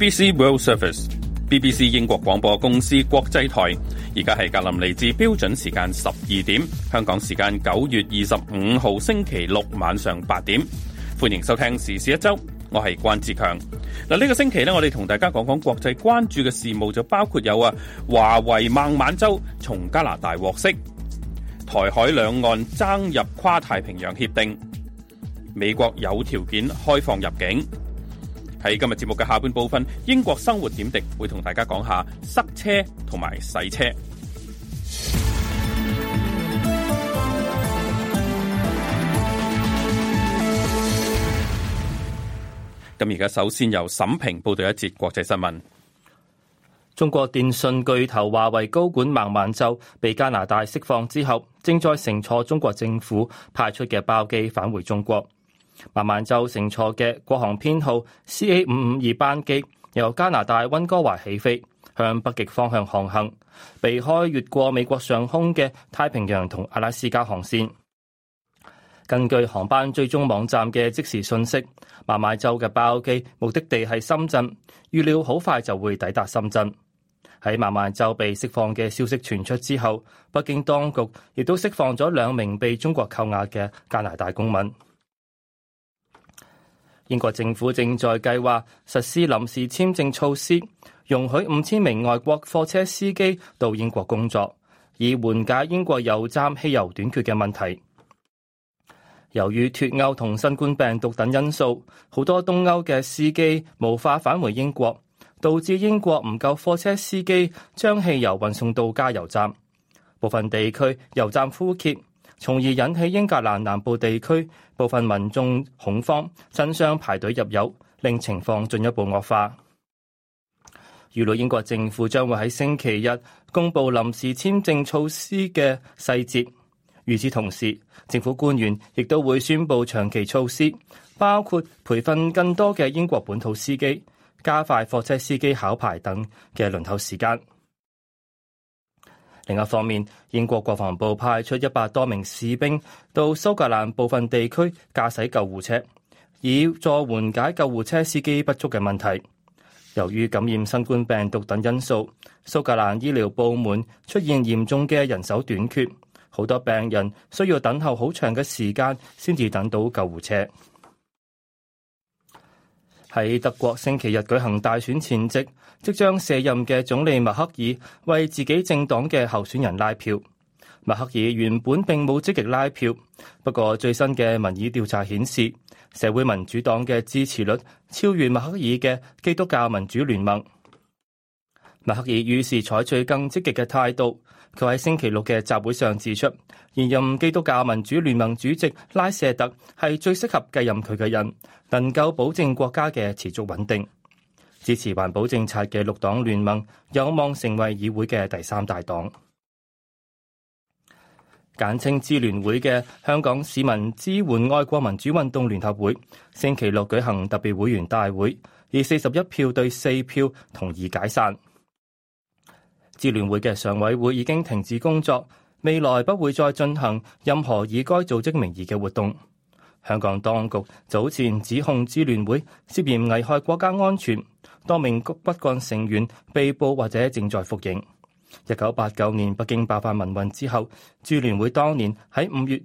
BBC World Service，BBC 英國廣播公司國際台。而家係格林尼治標準時間十二點，香港時間九月二十五號星期六晚上八點。歡迎收聽時事一周，我係關志強。嗱、啊，呢、這個星期咧，我哋同大家講講國際關注嘅事務，就包括有啊，華為孟晚舟從加拿大獲釋，台海兩岸爭入跨太平洋協定，美國有條件開放入境。喺今日節目嘅下半部分，英國生活點滴會同大家講下塞車同埋洗車。咁而家首先由沈平報道一節國際新聞。中國電信巨頭華為高管孟晚舟被加拿大釋放之後，正在乘坐中國政府派出嘅包機返回中國。孟晚舟乘坐嘅國航編號 C A 五五二班機由加拿大溫哥華起飛，向北極方向航行，避開越過美國上空嘅太平洋同阿拉斯加航線。根據航班追蹤網站嘅即時信息，孟晚舟嘅包機目的地係深圳，預料好快就會抵達深圳。喺孟晚舟被釋放嘅消息傳出之後，北京當局亦都釋放咗兩名被中國扣押嘅加拿大公民。英國政府正在計劃實施臨時簽證措施，容許五千名外國貨車司機到英國工作，以緩解英國油站汽油短缺嘅問題。由於脱歐同新冠病毒等因素，好多東歐嘅司機無法返回英國，導致英國唔夠貨車司機將汽油運送到加油站，部分地區油站枯竭。從而引起英格蘭南部地區部分民眾恐慌，爭相排隊入油，令情況進一步惡化。預料英國政府將會喺星期日公布臨時簽證措施嘅細節。與此同時，政府官員亦都會宣布長期措施，包括培訓更多嘅英國本土司機、加快貨車司機考牌等嘅輪候時間。另一方面，英國國防部派出一百多名士兵到蘇格蘭部分地區駕駛救護車，以助緩解救護車司機不足嘅問題。由於感染新冠病毒等因素，蘇格蘭醫療部門出現嚴重嘅人手短缺，好多病人需要等候好長嘅時間先至等到救護車。喺德國星期日舉行大選前夕，即將卸任嘅總理默克爾為自己政黨嘅候選人拉票。默克爾原本並冇積極拉票，不過最新嘅民意調查顯示，社會民主黨嘅支持率超越默克爾嘅基督教民主聯盟。默克爾於是採取更積極嘅態度。佢喺星期六嘅集會上指出，現任基督教民主聯盟主席拉舍特係最適合繼任佢嘅人，能夠保證國家嘅持續穩定。支持環保政策嘅六黨聯盟有望成為議會嘅第三大黨。簡稱支聯會嘅香港市民支援愛國民主運動聯合會，星期六舉行特別會員大會，以四十一票對四票同意解散。支聯會嘅常委會已經停止工作，未來不會再進行任何以該組織名義嘅活動。香港當局早前指控支聯會涉嫌危害國家安全，多名骨幹成員被捕或者正在服刑。一九八九年北京爆發民運之後，支聯會當年喺五月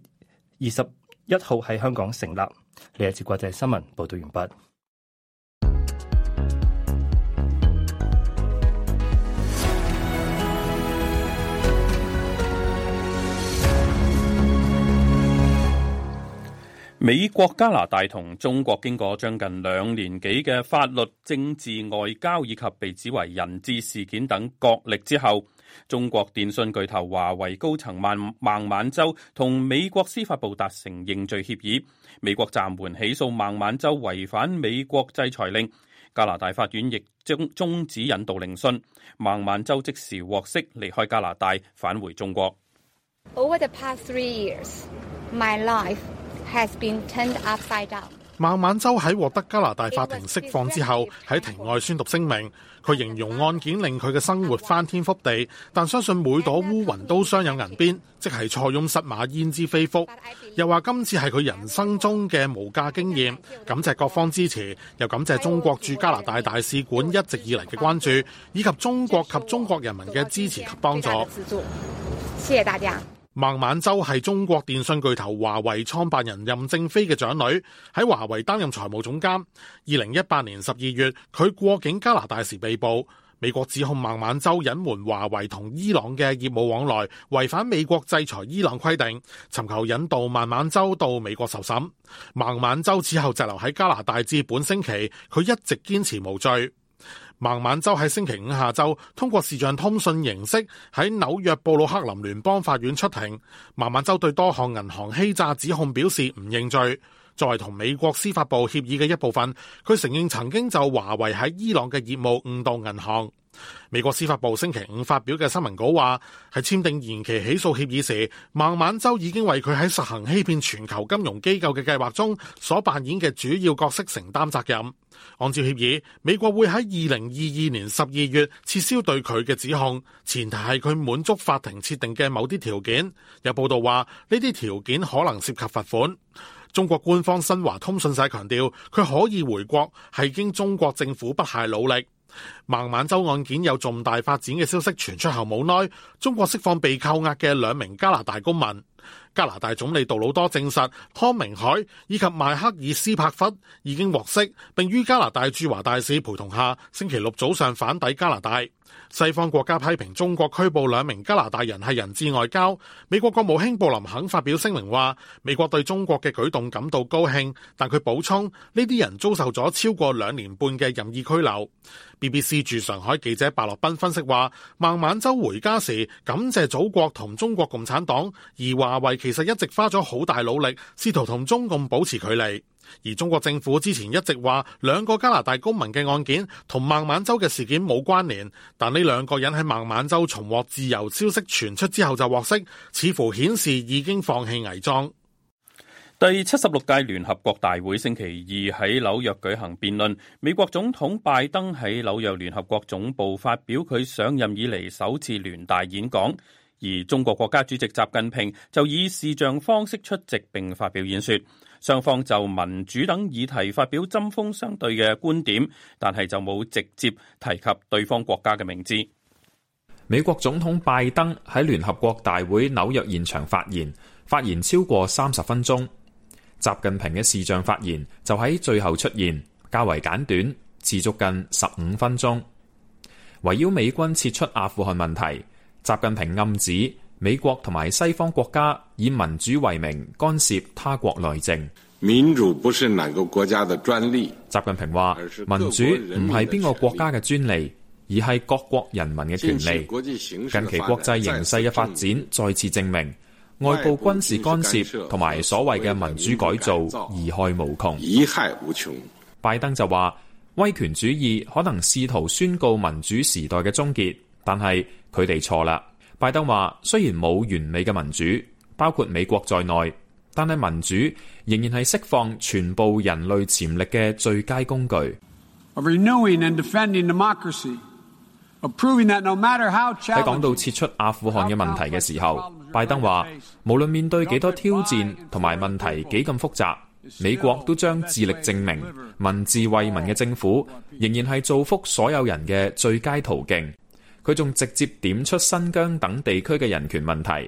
二十一號喺香港成立。呢一次國際新聞報道完畢。美國、加拿大同中國經過將近兩年幾嘅法律、政治、外交以及被指為人質事件等角力之後，中國電信巨頭華為高層孟孟晚舟同美國司法部達成認罪協議，美國暫緩起訴孟晚舟違反美國制裁令，加拿大法院亦將終止引渡聆訊，孟晚舟即時獲釋離開加拿大返回中國。Over the past three years, my life. has been turned upside down. 孟晚舟喺獲得加拿大法庭釋放之後，喺庭外宣讀聲明，佢形容案件令佢嘅生活翻天覆地，但相信每朵烏雲都鑲有銀邊，即係塞翁失馬，焉知非福。又話今次係佢人生中嘅無價經驗，感謝各方支持，又感謝中國駐加拿大大使館一直以嚟嘅關注，以及中國及中國人民嘅支持及幫助。謝謝大家。孟晚舟係中國電信巨頭華為創辦人任正非嘅長女，喺華為擔任財務總監。二零一八年十二月，佢過境加拿大時被捕，美國指控孟晚舟隱瞞華為同伊朗嘅業務往來，違反美國制裁伊朗規定，尋求引渡孟晚舟到美國受審。孟晚舟此後滯留喺加拿大至本星期，佢一直堅持無罪。孟晚舟喺星期五下晝通過視像通訊形式喺紐約布魯克林聯邦法院出庭。孟晚舟對多項銀行欺詐指控表示唔認罪。作為同美國司法部協議嘅一部分，佢承認曾經就華為喺伊朗嘅業務誤導銀行。美國司法部星期五發表嘅新聞稿話，喺簽訂延期起訴協議時，孟晚舟已經為佢喺實行欺騙全球金融機構嘅計劃中所扮演嘅主要角色承擔責任。按照協議，美國會喺二零二二年十二月撤銷對佢嘅指控，前提係佢滿足法庭設定嘅某啲條件。有報道話，呢啲條件可能涉及罰款。中國官方新華通訊社強調，佢可以回國，係經中國政府不懈努力。孟晚舟案件有重大發展嘅消息傳出後，冇耐，中國釋放被扣押嘅兩名加拿大公民。加拿大總理杜魯多證實，康明凱以及邁克爾斯帕弗已經獲釋，並於加拿大駐華大使陪同下，星期六早上返抵加拿大。西方國家批評中國拘捕兩名加拿大人係人質外交。美國國務卿布林肯發表聲明話，美國對中國嘅舉動感到高興，但佢補充呢啲人遭受咗超過兩年半嘅任意拘留。BBC 駐上海記者白樂斌分析話，孟晚舟回家時感謝祖國同中國共產黨，而華為。其實一直花咗好大努力，試圖同中共保持距離。而中國政府之前一直話兩個加拿大公民嘅案件同孟晚舟嘅事件冇關聯，但呢兩個人喺孟晚舟重獲自由消息傳出之後就獲釋，似乎顯示已經放棄偽裝。第七十六屆聯合國大會星期二喺紐約舉行辯論，美國總統拜登喺紐約聯合國總部發表佢上任以嚟首次聯大演講。而中國國家主席習近平就以視像方式出席並發表演說，雙方就民主等議題發表針鋒相對嘅觀點，但係就冇直接提及對方國家嘅名字。美國總統拜登喺聯合國大會紐約現場發言，發言超過三十分鐘。習近平嘅視像發言就喺最後出現，較為簡短，持續近十五分鐘，圍繞美軍撤出阿富汗問題。習近平暗指美國同埋西方國家以民主為名干涉他國內政。民主不是哪個國家的專利。習近平話：民主唔係邊個國家嘅專利，而係各國人民嘅權利。近期國際形勢嘅發展再次證明，外部軍事干涉同埋所謂嘅民主改造，貽害無窮。貽害無窮。拜登就話：威權主義可能試圖宣告民主時代嘅終結，但係。佢哋錯啦！拜登話：雖然冇完美嘅民主，包括美國在內，但係民主仍然係釋放全部人類潛力嘅最佳工具。喺講到撤出阿富汗嘅問題嘅時候，拜登話：無論面對幾多挑戰同埋問題幾咁複雜，美國都將致力證明民治為民嘅政府仍然係造福所有人嘅最佳途徑。佢仲直接點出新疆等地區嘅人權問題。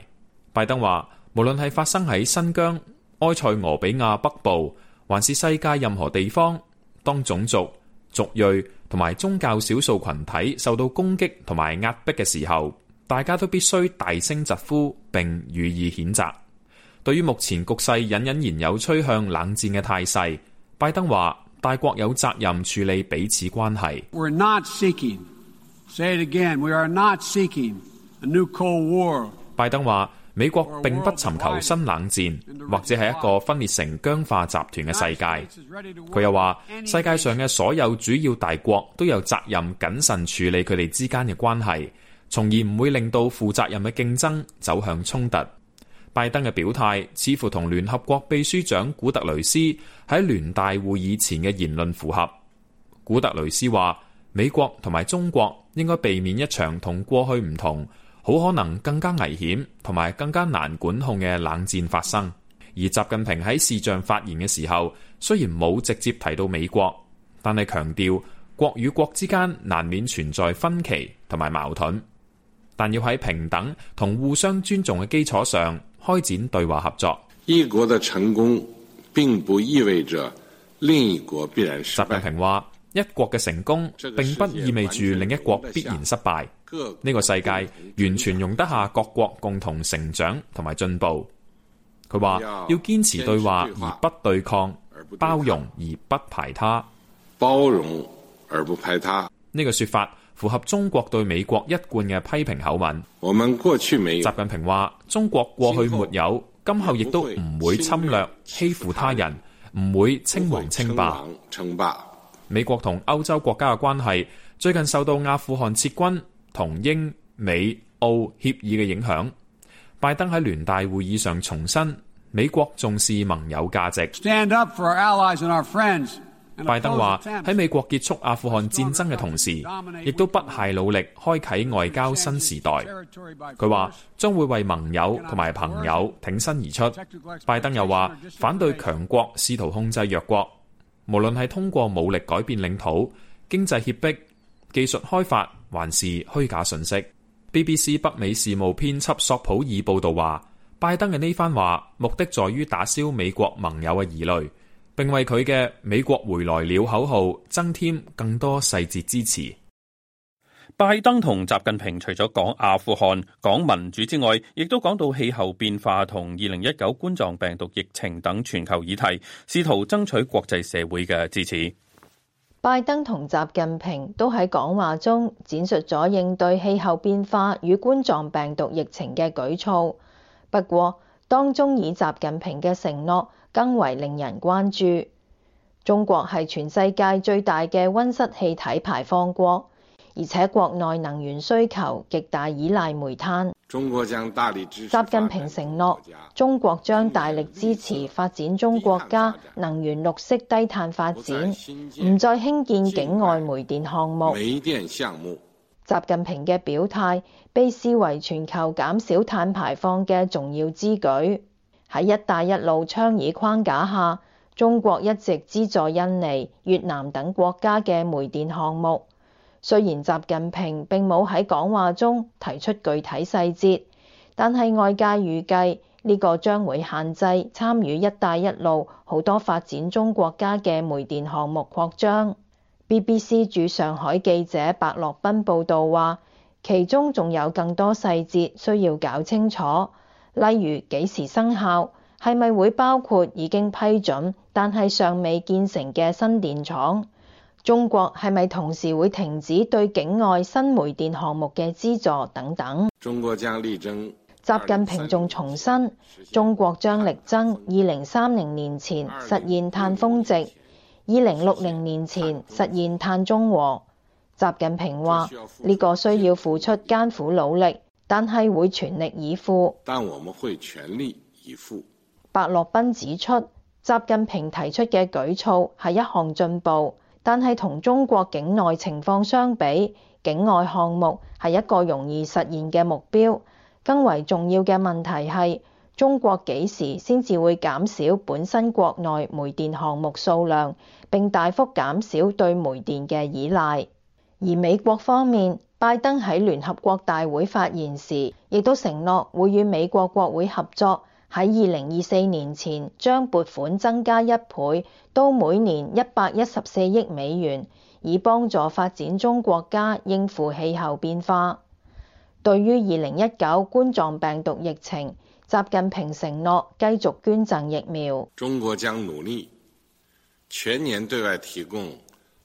拜登話：無論係發生喺新疆、埃塞俄比亞北部，還是世界任何地方，當種族、族裔同埋宗教少數群體受到攻擊同埋壓迫嘅時候，大家都必須大聲疾呼並予以譴責。對於目前局勢隱隱然有趨向冷戰嘅態勢，拜登話：大國有責任處理彼此關係。拜登話：美國並不尋求新冷戰，或者係一個分裂成僵化集團嘅世界。佢又話：世界上嘅所有主要大國都有責任謹慎處理佢哋之間嘅關係，從而唔會令到負責任嘅競爭走向衝突。拜登嘅表態似乎同聯合國秘書長古特雷斯喺聯大會議前嘅言論符合。古特雷斯話：美國同埋中國。應該避免一場同過去唔同、好可能更加危險同埋更加難管控嘅冷戰發生。而習近平喺視像發言嘅時候，雖然冇直接提到美國，但係強調國與國之間難免存在分歧同埋矛盾，但要喺平等同互相尊重嘅基礎上開展對話合作。一國嘅成功並不意味着另一國必然失敗，習近平話。一國嘅成功，並不意味住另一國必然失敗。呢個世界完全容得下各國共同成長同埋進步。佢話要堅持對話而不對抗，對包容而不排他。包容而不排他呢個說法符合中國對美國一貫嘅批評口吻。我們過去沒有，習近平話：中國過去沒有，今後亦都唔會侵略欺負他人，唔會稱王稱霸。美國同歐洲國家嘅關係最近受到阿富汗撤軍同英美澳協議嘅影響。拜登喺聯大會議上重申美國重視盟友價值。Stand up for our allies and our friends. 拜登話喺美國結束阿富汗戰爭嘅同時，亦都不懈努力開啓外交新時代。佢話將會為盟友同埋朋友挺身而出。拜登又話反對強國試圖控制弱國。無論係通過武力改變領土、經濟脅迫、技術開發，還是虛假信息，BBC 北美事務編輯索普爾報導話，拜登嘅呢番話目的在於打消美國盟友嘅疑慮，並為佢嘅「美國回來了」口號增添更多細節支持。拜登同習近平除咗講阿富汗，講民主之外，亦都講到氣候變化同二零一九冠狀病毒疫情等全球議題，試圖爭取國際社會嘅支持。拜登同習近平都喺講話中展述咗應對氣候變化與冠狀病毒疫情嘅舉措，不過當中以習近平嘅承諾更為令人關注。中國係全世界最大嘅溫室氣體排放國。而且國內能源需求極大，依賴煤炭。習近平承諾，中國將大力支持發展中國家能源綠色低碳發展，唔再興建境外煤電項目。習近平嘅表態被視為全球減少碳排放嘅重要之舉。喺一帶一路倡議框架下，中國一直資助印尼、越南等國家嘅煤電項目。雖然習近平並冇喺講話中提出具體細節，但係外界預計呢個將會限制參與一帶一路好多發展中國家嘅煤電項目擴張。BBC 駐上海記者白洛賓報道話，其中仲有更多細節需要搞清楚，例如幾時生效，係咪會包括已經批准但係尚未建成嘅新電廠。中國係咪同時會停止對境外新煤電項目嘅資助？等等，中國將力爭習近平仲重申，中國將力爭二零三零年前實現碳峰值，二零六零年前實現碳中和。習近平話呢個需要付出艱苦努力，但係會全力以赴。但我們會全力以赴。白洛賓指出，習近平提出嘅舉措係一項進步。但係同中國境內情況相比，境外項目係一個容易實現嘅目標。更為重要嘅問題係，中國幾時先至會減少本身國內煤電項目數量，並大幅減少對煤電嘅依賴？而美國方面，拜登喺聯合國大會發言時，亦都承諾會與美國國會合作。喺二零二四年前將撥款增加一倍，到每年一百一十四億美元，以幫助發展中國家應付氣候變化。對於二零一九冠狀病毒疫情，習近平承諾繼續捐贈疫苗。中國將努力全年對外提供。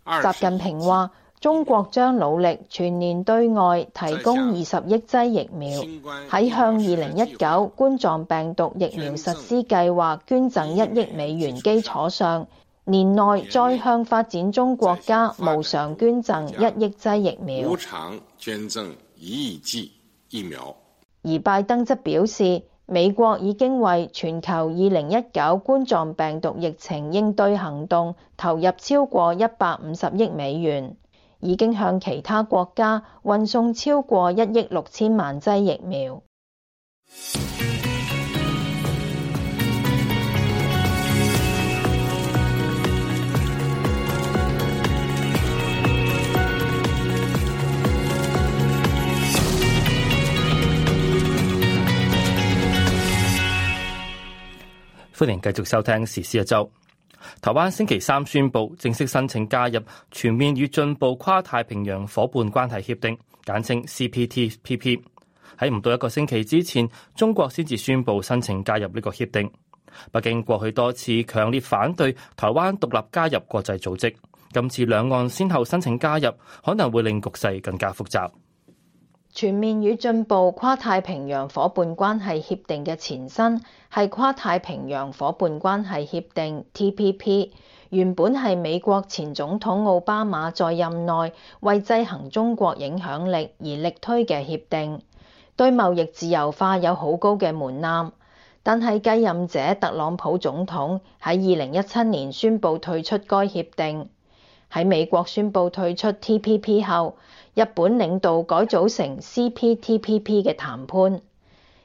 習近平話。中國將努力全年對外提供二十億劑疫苗，喺向二零一九冠狀病毒疫苗實施計劃捐贈一億美元基礎上，年內再向發展中國家無償捐贈一億劑疫苗。捐贈一億劑疫苗。而拜登則表示，美國已經為全球二零一九冠狀病毒疫情應對行動投入超過一百五十億美元。已經向其他國家運送超過一億六千萬劑疫苗。歡迎繼續收聽《時事一周》。台灣星期三宣布正式申請加入全面與進步跨太平洋伙伴關係協定，簡稱 CPTPP。喺唔到一個星期之前，中國先至宣布申請加入呢個協定。北京過去多次強烈反對台灣獨立加入國際組織，今次兩岸先後申請加入，可能會令局勢更加複雜。全面與進步跨太平洋伙伴關係協定嘅前身係跨太平洋伙伴關係協定 （TPP），原本係美國前總統奧巴馬在任內為制衡中國影響力而力推嘅協定，對貿易自由化有好高嘅門檻。但係繼任者特朗普總統喺二零一七年宣布退出該協定。喺美國宣布退出 TPP 後，日本領導改組成 CPTPP 嘅談判。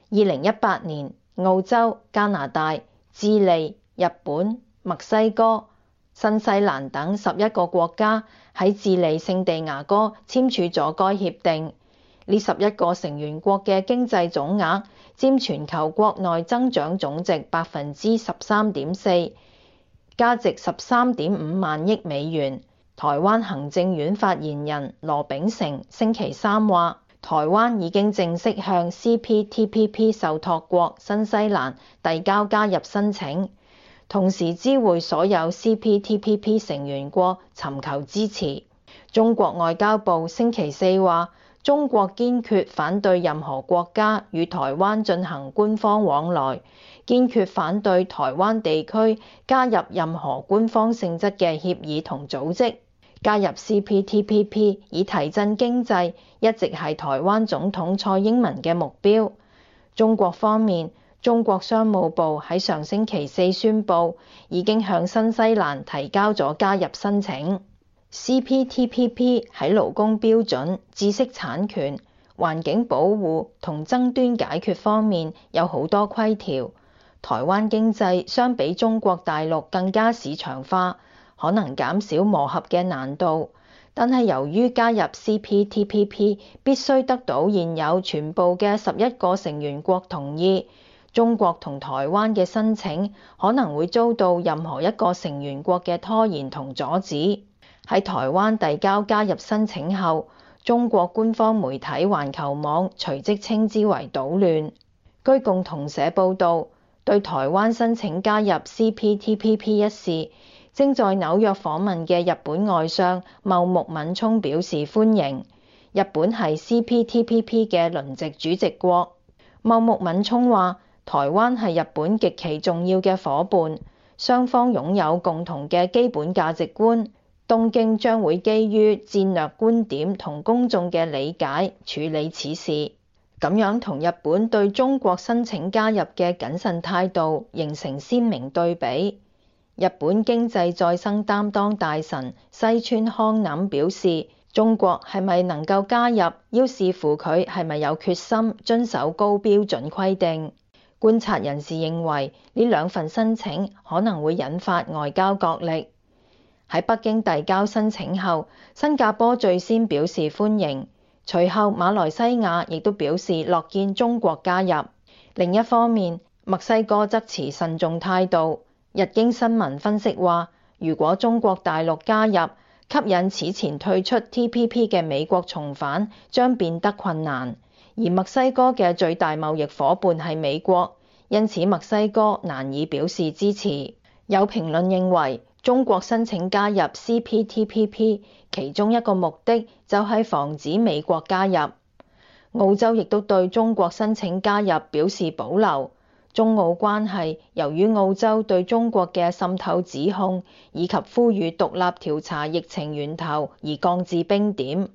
二零一八年，澳洲、加拿大、智利、日本、墨西哥、新西蘭等十一個國家喺智利聖地牙哥簽署咗該協定。呢十一個成員國嘅經濟總額佔全球國內增長總值百分之十三點四，價值十三點五萬億美元。台灣行政院發言人羅秉成星期三話，台灣已經正式向 CPTPP 受託國新西蘭遞交加入申請，同時知會所有 CPTPP 成員國尋求支持。中國外交部星期四話，中國堅決反對任何國家與台灣進行官方往來，堅決反對台灣地區加入任何官方性質嘅協議同組織。加入 CPTPP 以提振經濟，一直係台灣總統蔡英文嘅目標。中國方面，中國商務部喺上星期四宣布，已經向新西蘭提交咗加入申請。CPTPP 喺勞工標準、知識產權、環境保護同爭端解決方面有好多規條。台灣經濟相比中國大陸更加市場化。可能減少磨合嘅難度，但係由於加入 CPTPP 必須得到現有全部嘅十一個成員國同意，中國同台灣嘅申請可能會遭到任何一個成員國嘅拖延同阻止。喺台灣遞交加入申請後，中國官方媒體《環球網》隨即稱之為「搗亂」。據共同社報導，對台灣申請加入 CPTPP 一事，正在紐約訪問嘅日本外相茂木敏充表示歡迎。日本係 CPTPP 嘅輪值主席國。茂木敏充話：台灣係日本極其重要嘅伙伴，雙方擁有共同嘅基本價值觀。東京將會基於戰略觀點同公眾嘅理解處理此事。咁樣同日本對中國申請加入嘅謹慎態度形成鮮明對比。日本經濟再生擔當大臣西村康稔表示：中國係咪能夠加入，要視乎佢係咪有決心遵守高標準規定。觀察人士認為呢兩份申請可能會引發外交角力。喺北京遞交申請後，新加坡最先表示歡迎，隨後馬來西亞亦都表示樂見中國加入。另一方面，墨西哥則持慎重態度。日經新聞分析話，如果中國大陸加入，吸引此前退出 TPP 嘅美國重返，將變得困難。而墨西哥嘅最大貿易伙伴係美國，因此墨西哥難以表示支持。有評論認為，中國申請加入 CPTPP，其中一個目的就係防止美國加入。澳洲亦都對中國申請加入表示保留。中澳關係由於澳洲對中國嘅滲透指控以及呼籲獨立調查疫情源頭而降至冰點。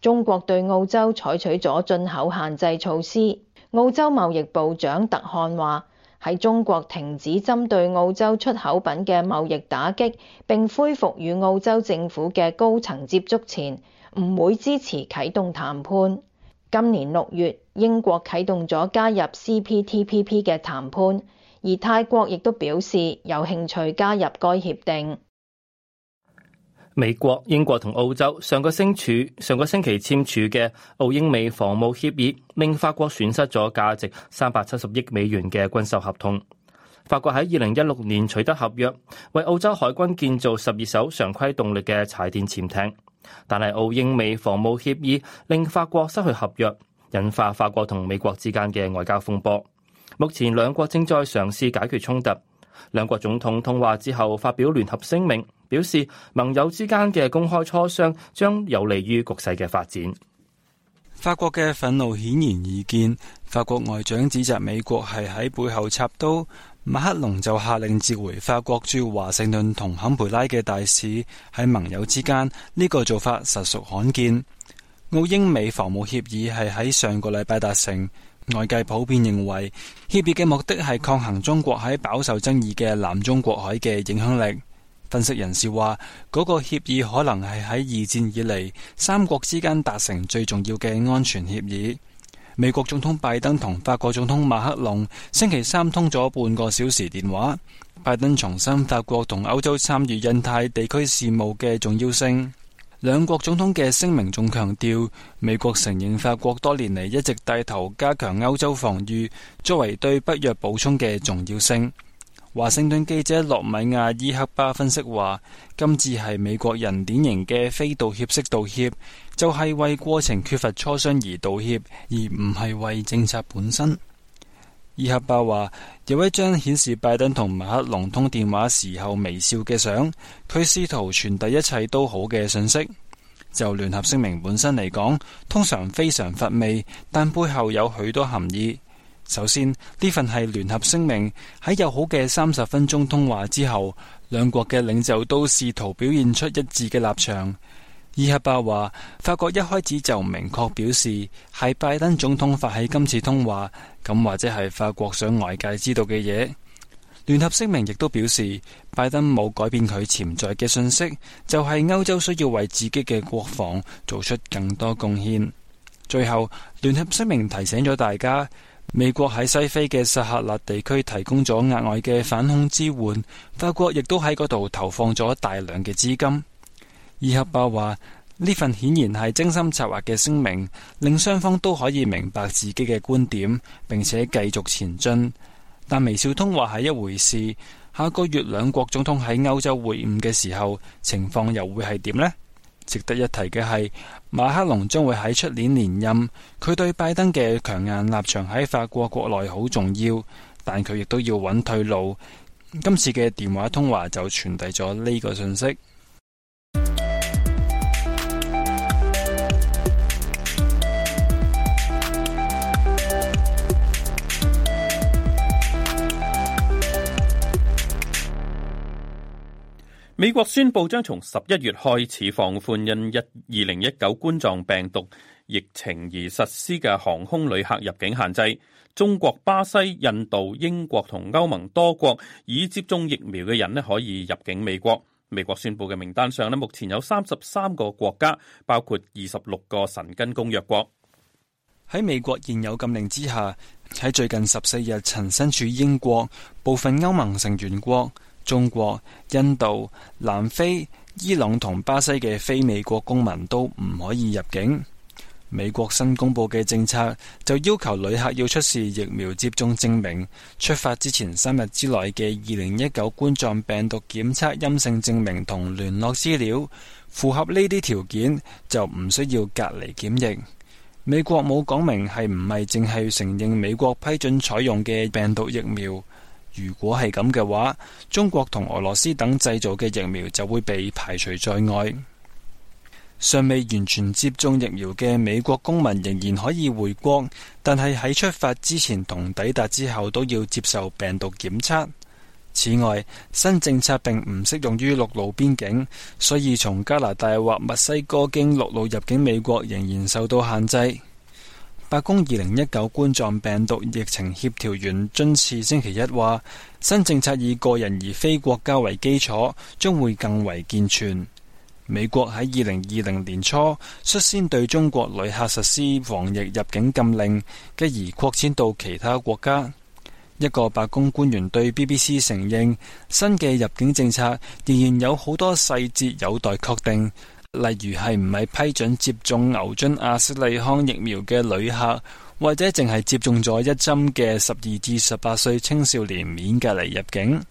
中國對澳洲採取咗進口限制措施。澳洲貿易部長特漢話：喺中國停止針對澳洲出口品嘅貿易打擊並恢復與澳洲政府嘅高層接觸前，唔會支持啟動談判。今年六月，英國啟動咗加入 CPTPP 嘅談判，而泰國亦都表示有興趣加入該協定。美國、英國同澳洲上個，上個星期簽署嘅澳英美防務協議，令法國損失咗價值三百七十億美元嘅軍售合同。法國喺二零一六年取得合約，為澳洲海軍建造十二艘常規動力嘅柴電潛艇。但係，澳英美防務協議令法國失去合約，引發法國同美國之間嘅外交風波。目前兩國正在嘗試解決衝突。兩國總統通話之後發表聯合聲明，表示盟友之間嘅公開磋商將有利於局勢嘅發展。法國嘅憤怒顯然易見，法國外長指責美國係喺背後插刀。馬克龍就下令召回法國駐華盛頓同坎培拉嘅大使，喺盟友之間呢個做法實屬罕見。澳英美防務協議係喺上個禮拜達成，外界普遍認為協議嘅目的係抗衡中國喺飽受爭議嘅南中國海嘅影響力。分析人士話，嗰個協議可能係喺二戰以嚟三國之間達成最重要嘅安全協議。美國總統拜登同法國總統馬克龍星期三通咗半個小時電話，拜登重申法國同歐洲參與印太地區事務嘅重要性。兩國總統嘅聲明仲強調美國承認法國多年嚟一直帶頭加強歐洲防禦，作為對北約補充嘅重要性。華盛頓記者諾米亞伊克巴分析話：今次係美國人典型嘅非道歉式道歉。就係為過程缺乏磋商而道歉，而唔係為政策本身。二合巴話，有一張顯示拜登同馬克龍通電話時候微笑嘅相，佢試圖傳遞一切都好嘅訊息。就聯合聲明本身嚟講，通常非常乏味，但背後有許多含義。首先，呢份係聯合聲明，喺友好嘅三十分鐘通話之後，兩國嘅領袖都試圖表現出一致嘅立場。伊克巴話：法國一開始就明確表示，係拜登總統發起今次通話，咁或者係法國想外界知道嘅嘢。聯合聲明亦都表示，拜登冇改變佢潛在嘅信息，就係、是、歐洲需要為自己嘅國防做出更多貢獻。最後，聯合聲明提醒咗大家，美國喺西非嘅薩赫勒地區提供咗額外嘅反恐支援，法國亦都喺嗰度投放咗大量嘅資金。易合伯話：呢份顯然係精心策劃嘅聲明，令雙方都可以明白自己嘅觀點，並且繼續前進。但微笑通話係一回事，下個月兩國總統喺歐洲會晤嘅時候，情況又會係點呢？值得一提嘅係，馬克龍將會喺出年連任，佢對拜登嘅強硬立場喺法國國內好重要，但佢亦都要揾退路。今次嘅電話通話就傳遞咗呢個信息。美國宣布將從十一月開始放寬因一二零一九冠狀病毒疫情而實施嘅航空旅客入境限制。中國、巴西、印度、英國同歐盟多國已接種疫苗嘅人呢，可以入境美國。美國宣布嘅名單上呢，目前有三十三個國家，包括二十六個神根公約國。喺美國現有禁令之下，喺最近十四日曾身處英國部分歐盟成員國。中國、印度、南非、伊朗同巴西嘅非美國公民都唔可以入境。美國新公布嘅政策就要求旅客要出示疫苗接種證明，出發之前三日之內嘅二零一九冠狀病毒檢測陰性證明同聯絡資料，符合呢啲條件就唔需要隔離檢疫。美國冇講明係唔係淨係承認美國批准採用嘅病毒疫苗。如果係咁嘅話，中國同俄羅斯等製造嘅疫苗就會被排除在外。尚未完全接種疫苗嘅美國公民仍然可以回國，但係喺出發之前同抵達之後都要接受病毒檢測。此外，新政策並唔適用於陸路邊境，所以從加拿大或墨西哥經陸路入境美國仍然受到限制。白宮二零一九冠狀病毒疫情協調員津次星期一話，新政策以個人而非國家為基礎，將會更為健全。美國喺二零二零年初率先對中國旅客實施防疫入境禁令，繼而擴展到其他國家。一個白宮官員對 BBC 承認，新嘅入境政策仍然有好多細節有待確定。例如係唔係批准接種牛津阿斯利康疫苗嘅旅客，或者淨係接種咗一針嘅十二至十八歲青少年，免隔離入境。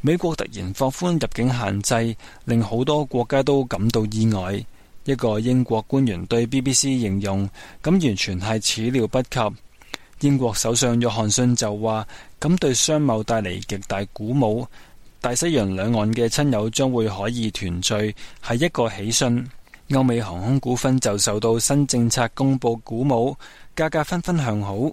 美國突然放寬入境限制，令好多國家都感到意外。一個英國官員對 BBC 形容：咁完全係始料不及。英國首相約翰遜就話：咁對商貿帶嚟極大鼓舞。大西洋兩岸嘅親友將會可以團聚，係一個喜訊。歐美航空股份就受到新政策公佈鼓舞，價格紛紛向好。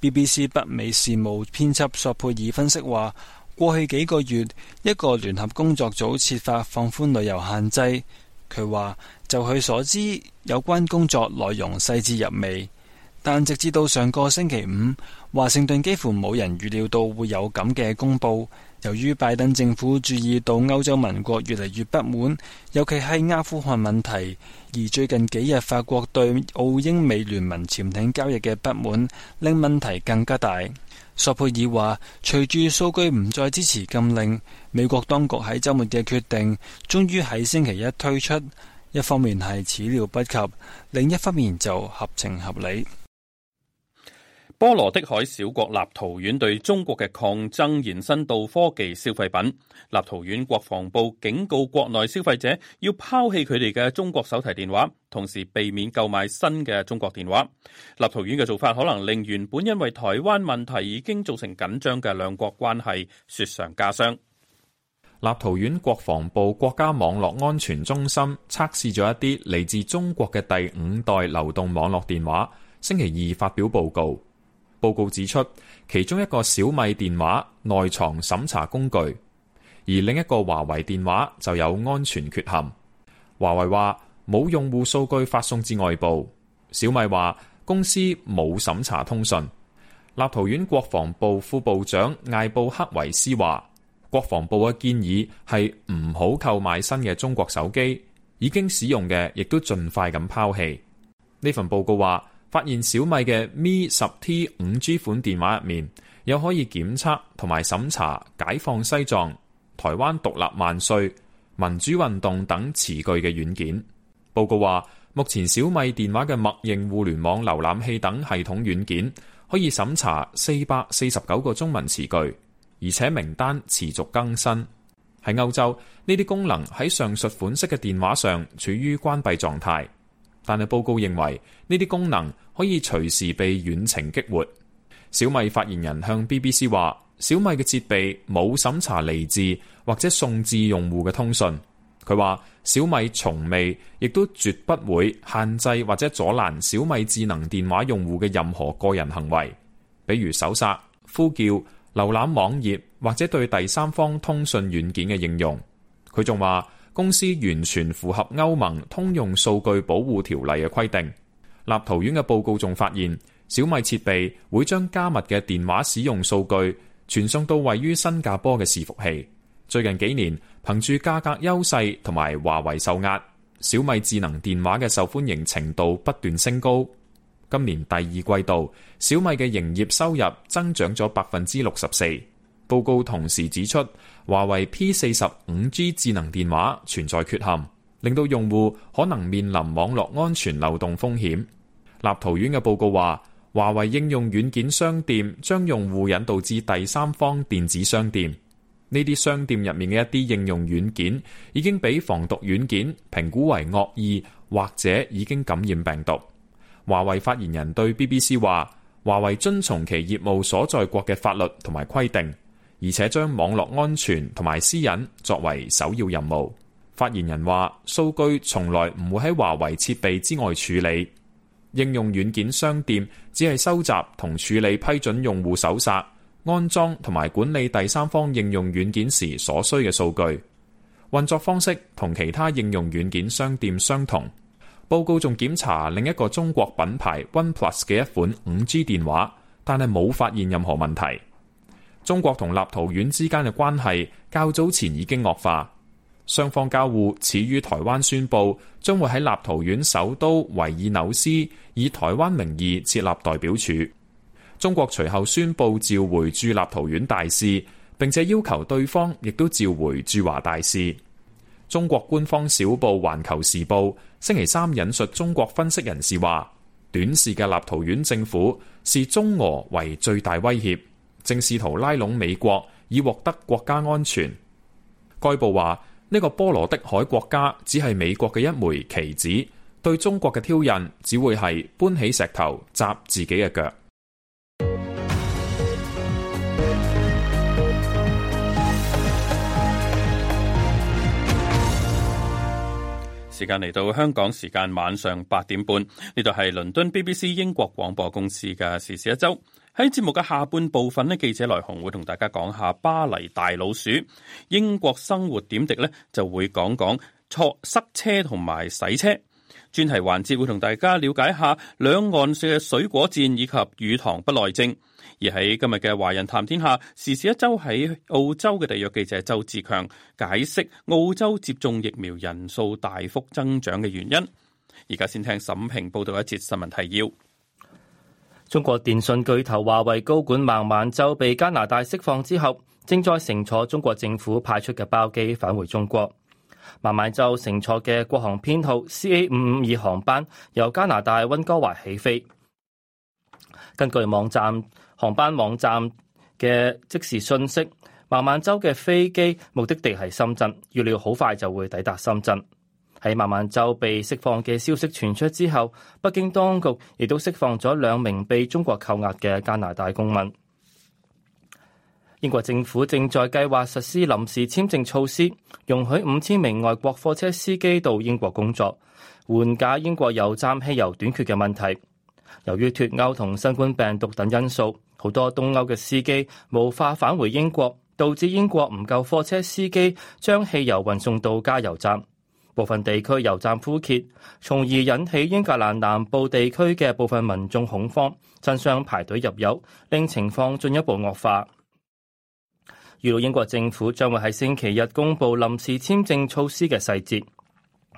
BBC 北美事務編輯索佩爾分析話，過去幾個月，一個聯合工作組設法放寬旅遊限制。佢話，就佢所知，有關工作內容細緻入微，但直至到上個星期五，華盛頓幾乎冇人預料到會有咁嘅公佈。由於拜登政府注意到歐洲盟國越嚟越不滿，尤其係阿富汗問題，而最近幾日法國對澳英美聯盟潛艇交易嘅不滿，令問題更加大。索佩爾話：隨住數據唔再支持禁令，美國當局喺周末嘅決定，終於喺星期一推出。一方面係始料不及，另一方面就合情合理。波羅的海小國立陶宛對中國嘅抗爭延伸到科技消費品。立陶宛國防部警告國內消費者要拋棄佢哋嘅中國手提電話，同時避免購買新嘅中國電話。立陶宛嘅做法可能令原本因為台灣問題已經造成緊張嘅兩國關係雪上加霜。立陶宛國防部國家網絡安全中心測試咗一啲嚟自中國嘅第五代流動網絡電話，星期二發表報告。報告指出，其中一個小米電話內藏審查工具，而另一個華為電話就有安全缺陷。華為話冇用戶數據發送至外部，小米話公司冇審查通訊。立陶宛國防部副部長艾布克維斯話，國防部嘅建議係唔好購買新嘅中國手機，已經使用嘅亦都盡快咁拋棄。呢份報告話，發現小米嘅 Mi 十 T 五 G 款電話入面，有可以檢測同埋審查「解放西藏」、「台灣獨立萬歲」、「民主運動」等詞句嘅軟件。報告話，目前小米電話嘅默認互聯網瀏覽器等系統軟件，可以審查四百四十九個中文詞句，而且名單持續更新。喺歐洲，呢啲功能喺上述款式嘅電話上處於關閉狀態，但係報告認為呢啲功能。可以隨時被遠程激活。小米發言人向 BBC 話：小米嘅設備冇審查嚟自或者送至用戶嘅通訊。佢話：小米從未亦都絕不會限制或者阻攔小米智能電話用戶嘅任何個人行為，比如搜索、呼叫、瀏覽網頁或者對第三方通訊軟件嘅應用。佢仲話：公司完全符合歐盟通用數據保護條例嘅規定。立陶宛嘅報告仲發現，小米設備會將加密嘅電話使用數據傳送到位於新加坡嘅伺服器。最近幾年，憑住價格優勢同埋華為受壓，小米智能電話嘅受歡迎程度不斷升高。今年第二季度，小米嘅營業收入增長咗百分之六十四。報告同時指出，華為 P 四十五 G 智能電話存在缺陷。令到用戶可能面臨網絡安全漏洞風險。立陶宛嘅報告話，華為應用軟件商店將用戶引導至第三方電子商店，呢啲商店入面嘅一啲應用軟件已經俾防毒軟件評估為惡意，或者已經感染病毒。華為發言人對 BBC 話：華為遵從其業務所在國嘅法律同埋規定，而且將網絡安全同埋私隱作為首要任務。發言人話：數據從來唔會喺華為設備之外處理。應用軟件商店只係收集同處理批准用戶搜索、安裝同埋管理第三方應用軟件時所需嘅數據。運作方式同其他應用軟件商店相同。報告仲檢查另一個中國品牌 OnePlus 嘅一款五 G 電話，但係冇發現任何問題。中國同立陶宛之間嘅關係較早前已經惡化。雙方交互，護始於台灣宣布將會喺立陶宛首都維爾紐斯以台灣名義設立代表處。中國隨後宣布召回駐立陶宛大使，並且要求對方亦都召回駐華大使。中國官方小報《環球時報》星期三引述中國分析人士話：，短視嘅立陶宛政府視中俄為最大威脅，正試圖拉攏美國以獲得國家安全。該報話。呢個波羅的海國家只係美國嘅一枚棋子，對中國嘅挑釁只會係搬起石頭砸自己嘅腳。時間嚟到香港時間晚上八點半，呢度係倫敦 BBC 英國廣播公司嘅時事一周。喺節目嘅下半部分呢，記者來鴻會同大家講下巴黎大老鼠；英國生活點滴呢就會講講錯塞，塞車同埋洗車專題環節會同大家了解下兩岸嘅水果戰，以及乳糖不耐症。而喺今日嘅華人談天下，時事一周喺澳洲嘅地約記者周志強解釋澳洲接種疫苗人數大幅增長嘅原因。而家先聽沈平報道一節新聞提要。中國電信巨頭華為高管孟晚舟被加拿大釋放之後，正在乘坐中國政府派出嘅包機返回中國。孟晚舟乘坐嘅國航編號 CA 五五二航班由加拿大溫哥華起飛。根據網站航班網站嘅即時信息，孟晚舟嘅飛機目的地係深圳，預料好快就會抵達深圳。喺孟晚舟被釋放嘅消息傳出之後，北京當局亦都釋放咗兩名被中國扣押嘅加拿大公民。英國政府正在計劃實施臨時簽證措施，容許五千名外國貨車司機到英國工作，緩解英國油站汽油短缺嘅問題。由於脱歐同新冠病毒等因素，好多東歐嘅司機無法返回英國，導致英國唔夠貨車司機將汽油運送到加油站。部分地區油站枯竭，從而引起英格蘭南部地區嘅部分民眾恐慌，爭相排隊入油，令情況進一步惡化。預料英國政府將會喺星期日公布臨時簽證措施嘅細節，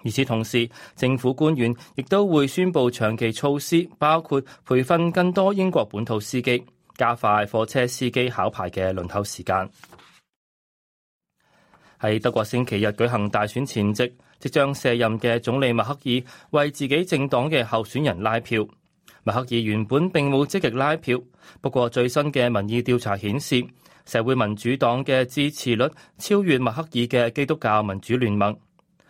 與此同時，政府官員亦都會宣布長期措施，包括培訓更多英國本土司機，加快貨車司機考牌嘅輪候時間。喺德國星期日舉行大選前夕，即將卸任嘅總理默克爾為自己政黨嘅候選人拉票。默克爾原本並冇積極拉票，不過最新嘅民意調查顯示，社會民主黨嘅支持率超越默克爾嘅基督教民主聯盟。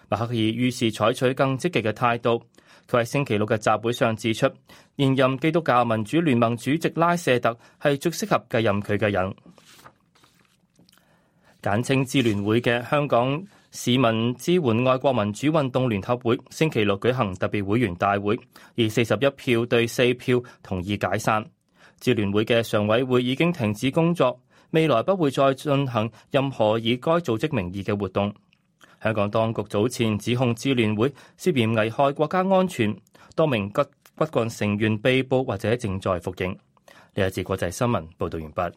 默克爾於是採取更積極嘅態度。佢喺星期六嘅集會上指出，現任基督教民主聯盟主席拉舍特係最適合繼任佢嘅人。簡稱支聯會嘅香港市民支援愛國民主運動聯合會星期六舉行特別會員大會，而四十一票對四票同意解散。支聯會嘅常委會已經停止工作，未來不會再進行任何以該組織名義嘅活動。香港當局早前指控支聯會涉嫌危害國家安全，多名骨骨幹成員被捕或者正在服刑。呢一節國際新聞報道完畢。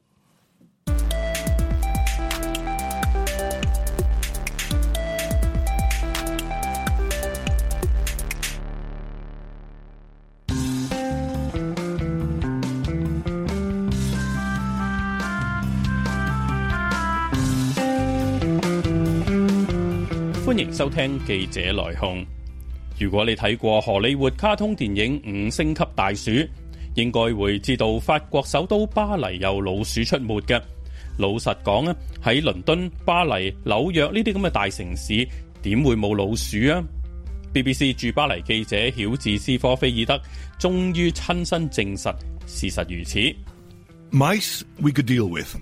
收聽記者來鴻。如果你睇過荷里活卡通電影《五星級大鼠》，應該會知道法國首都巴黎有老鼠出沒嘅。老實講咧，喺倫敦、巴黎、紐約呢啲咁嘅大城市，點會冇老鼠啊？BBC 駐巴黎記者曉治斯科菲爾德終於親身證實事實如此。Mice we could deal with them.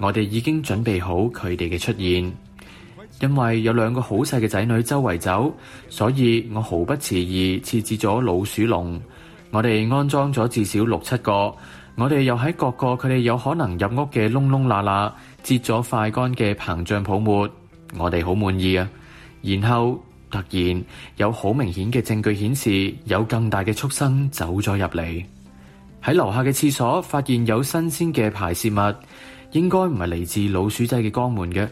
我哋已經準備好佢哋嘅出現，因為有兩個好細嘅仔女周圍走，所以我毫不遲疑設置咗老鼠籠。我哋安裝咗至少六七個，我哋又喺各個佢哋有可能入屋嘅窿窿罅罅，接咗快乾嘅膨脹泡沫。我哋好滿意啊。然後突然有好明顯嘅證據顯示，有更大嘅畜生走咗入嚟。喺樓下嘅廁所發現有新鮮嘅排泄物。應該唔係嚟自老鼠仔嘅肛門嘅。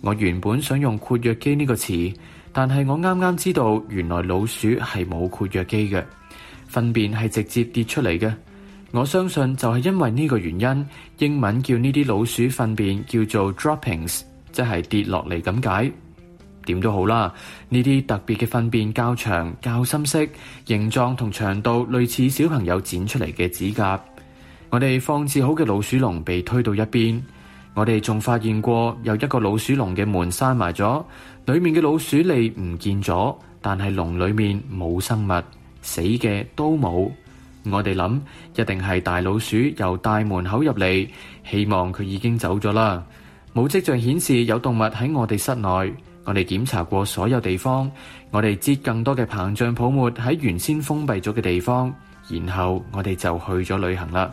我原本想用括約肌呢個詞，但係我啱啱知道原來老鼠係冇括約肌嘅，糞便係直接跌出嚟嘅。我相信就係因為呢個原因，英文叫呢啲老鼠糞便叫做 droppings，即係跌落嚟咁解。點都好啦，呢啲特別嘅糞便較長，較深色，形狀同長度類似小朋友剪出嚟嘅指甲。我哋放置好嘅老鼠籠被推到一邊，我哋仲發現過有一個老鼠籠嘅門閂埋咗，裏面嘅老鼠嚟唔見咗，但係籠裏面冇生物，死嘅都冇。我哋諗一定係大老鼠由大門口入嚟，希望佢已經走咗啦，冇跡象顯示有動物喺我哋室內。我哋檢查過所有地方，我哋接更多嘅膨脹泡沫喺原先封閉咗嘅地方，然後我哋就去咗旅行啦。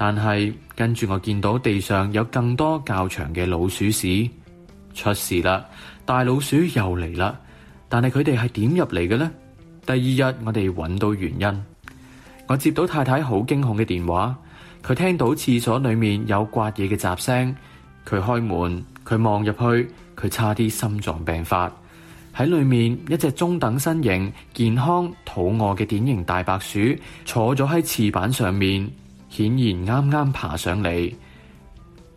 但係跟住我見到地上有更多較長嘅老鼠屎，出事啦！大老鼠又嚟啦！但係佢哋係點入嚟嘅呢？第二日我哋搵到原因。我接到太太好驚恐嘅電話，佢聽到廁所裏面有刮嘢嘅雜聲，佢開門，佢望入去，佢差啲心臟病發。喺裏面，一隻中等身形、健康、肚餓嘅典型大白鼠坐咗喺廁板上面。顯然啱啱爬上嚟，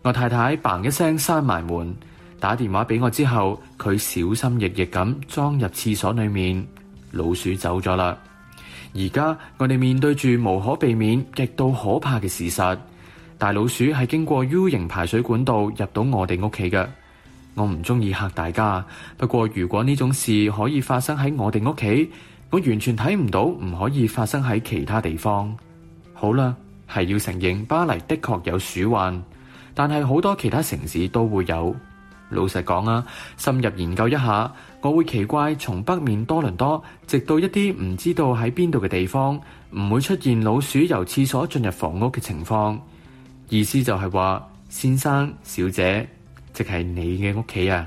我太太砰一聲閂埋門，打電話俾我之後，佢小心翼翼咁裝入廁所裏面，老鼠走咗啦。而家我哋面對住無可避免、極度可怕嘅事實，大老鼠係經過 U 型排水管道入到我哋屋企嘅。我唔中意吓大家，不過如果呢種事可以發生喺我哋屋企，我完全睇唔到唔可以發生喺其他地方。好啦。係要承認巴黎的確有鼠患，但係好多其他城市都會有。老實講啊，深入研究一下，我會奇怪從北面多倫多直到一啲唔知道喺邊度嘅地方，唔會出現老鼠由廁所進入房屋嘅情況。意思就係話，先生小姐，即係你嘅屋企啊。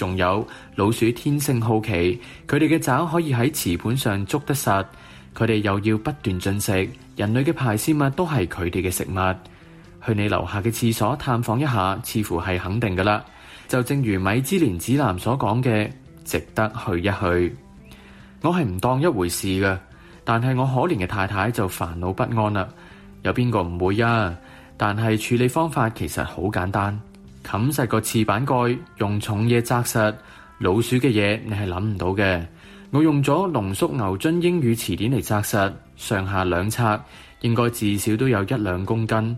仲有老鼠天性好奇，佢哋嘅爪可以喺瓷盤上捉得實，佢哋又要不斷進食，人類嘅排泄物都係佢哋嘅食物。去你樓下嘅廁所探訪一下，似乎係肯定噶啦。就正如米芝蓮指南所講嘅，值得去一去。我係唔當一回事嘅，但係我可憐嘅太太就煩惱不安啦。有邊個唔會啊？但係處理方法其實好簡單。冚實個廁板蓋，用重嘢砸實，老鼠嘅嘢你係諗唔到嘅。我用咗濃縮牛津英語詞典嚟砸實，上下兩冊應該至少都有一兩公斤。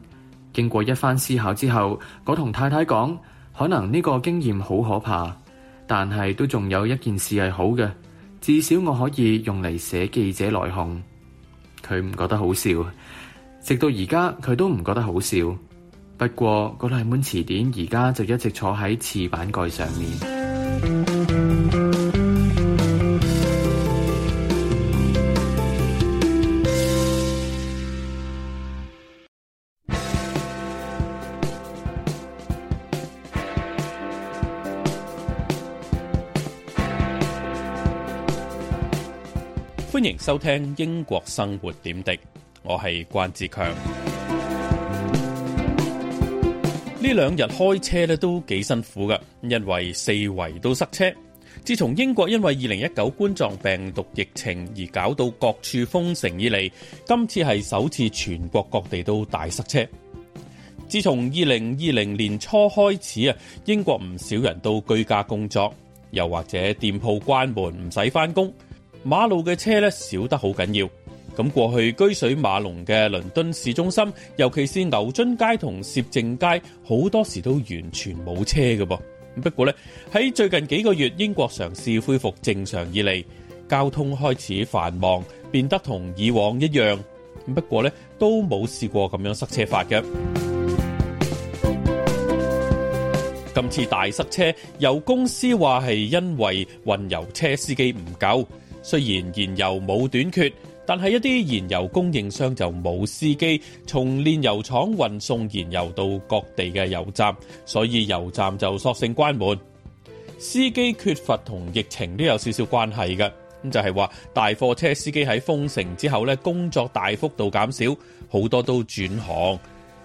經過一番思考之後，我同太太講，可能呢個經驗好可怕，但係都仲有一件事係好嘅，至少我可以用嚟寫記者來鴻。佢唔覺得好笑，直到而家佢都唔覺得好笑。不過個大滿詞典而家就一直坐喺廁板蓋上面。歡迎收聽英國生活點滴，我係關志強。呢兩日開車咧，都幾辛苦㗎，因為四圍都塞車。自從英國因為二零一九冠狀病毒疫情而搞到各處封城以嚟，今次係首次全國各地都大塞車。自從二零二零年初開始啊，英國唔少人都居家工作，又或者店鋪關門唔使返工，馬路嘅車咧少得好緊要。咁過去車水馬龍嘅倫敦市中心，尤其是牛津街同攝政街，好多時都完全冇車嘅噃。不過呢，喺最近幾個月，英國嘗試恢復正常以嚟，交通開始繁忙，變得同以往一樣。不過呢，都冇試過咁樣塞車法嘅。 今次大塞車，有公司話係因為運油車司機唔夠，雖然燃油冇短缺。但係一啲燃油供應商就冇司機從煉油廠運送燃油到各地嘅油站，所以油站就索性關門。司機缺乏同疫情都有少少關係嘅，咁就係話大貨車司機喺封城之後咧，工作大幅度減少，好多都轉行，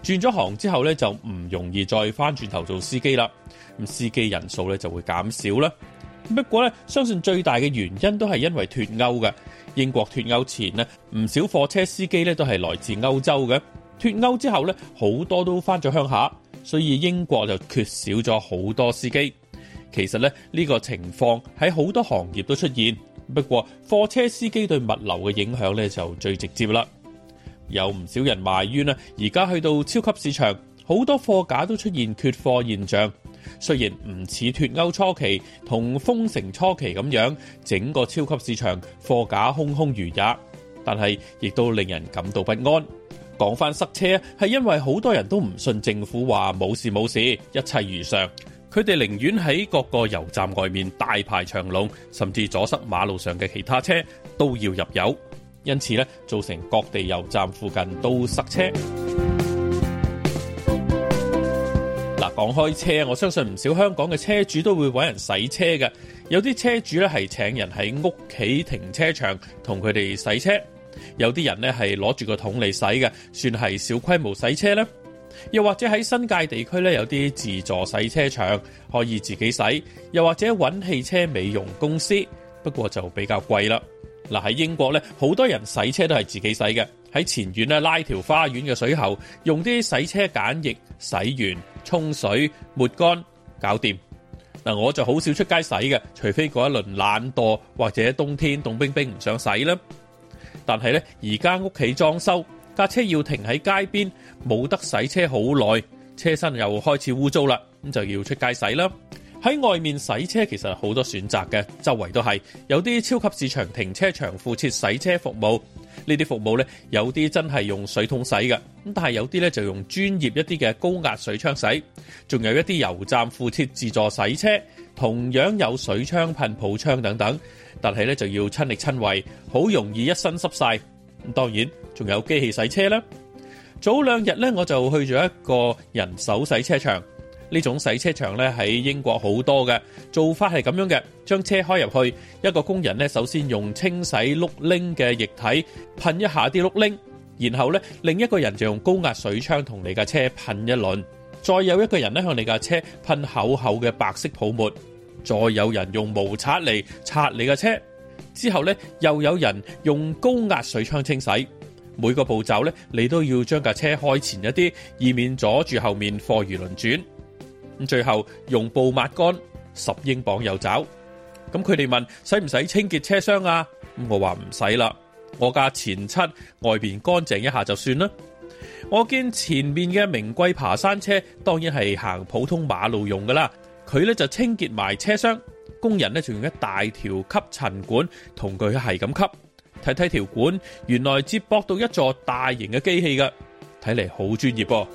轉咗行之後咧就唔容易再翻轉頭做司機啦。司機人數咧就會減少啦。不過咧，相信最大嘅原因都係因為脫歐嘅。英國脫歐前咧，唔少貨車司機咧都係來自歐洲嘅。脫歐之後咧，好多都翻咗鄉下，所以英國就缺少咗好多司機。其實咧，呢個情況喺好多行業都出現。不過，貨車司機對物流嘅影響咧就最直接啦。有唔少人埋怨啦，而家去到超級市場，好多貨架都出現缺貨現象。雖然唔似脫歐初期同封城初期咁樣，整個超級市場貨架空空如也，但係亦都令人感到不安。講返塞車，係因為好多人都唔信政府話冇事冇事，一切如常，佢哋寧願喺各個油站外面大排長龍，甚至阻塞馬路上嘅其他車都要入油，因此呢，造成各地油站附近都塞車。講開車，我相信唔少香港嘅車主都會揾人洗車嘅。有啲車主咧，係請人喺屋企停車場同佢哋洗車，有啲人咧，係攞住個桶嚟洗嘅，算係小規模洗車啦。又或者喺新界地區咧，有啲自助洗車場可以自己洗，又或者揾汽車美容公司，不過就比較貴啦。嗱，喺英國呢，好多人洗車都係自己洗嘅。喺前院咧拉條花園嘅水喉，用啲洗車鹼液洗完，沖水抹乾，搞掂。嗱，我就好少出街洗嘅，除非嗰一輪懶惰或者冬天凍冰冰唔想洗啦。但係呢，而家屋企裝修，架車要停喺街邊，冇得洗車好耐，車身又開始污糟啦，咁就要出街洗啦。喺外面洗車其實好多選擇嘅，周圍都係有啲超級市場停車場附設洗車服務。呢啲服務呢，有啲真係用水桶洗嘅，咁但係有啲呢就用專業一啲嘅高壓水槍洗，仲有一啲油站附設自助洗車，同樣有水槍、噴泡槍等等，但係呢就要親力親為，好容易一身濕晒。咁當然，仲有機器洗車啦。早兩日呢，我就去咗一個人手洗車場。呢種洗車場咧喺英國好多嘅，做法係咁樣嘅：將車開入去，一個工人咧首先用清洗碌鈴嘅液體噴一下啲碌鈴，然後咧另一個人就用高壓水槍同你架車噴一輪，再有一個人咧向你架車噴厚厚嘅白色泡沫，再有人用毛刷嚟刷你架車，之後咧又有人用高壓水槍清洗。每個步驟咧，你都要將架車開前一啲，以免阻住後面貨如輪轉。咁最後用布抹乾，十英鎊又走。咁佢哋問使唔使清潔車廂啊？我話唔使啦，我架前七外邊乾淨一下就算啦。我見前面嘅名貴爬山車，當然係行普通馬路用噶啦。佢咧就清潔埋車廂，工人咧就用一大條吸塵管同佢係咁吸。睇睇條管，原來接駁到一座大型嘅機器噶，睇嚟好專業噃、啊。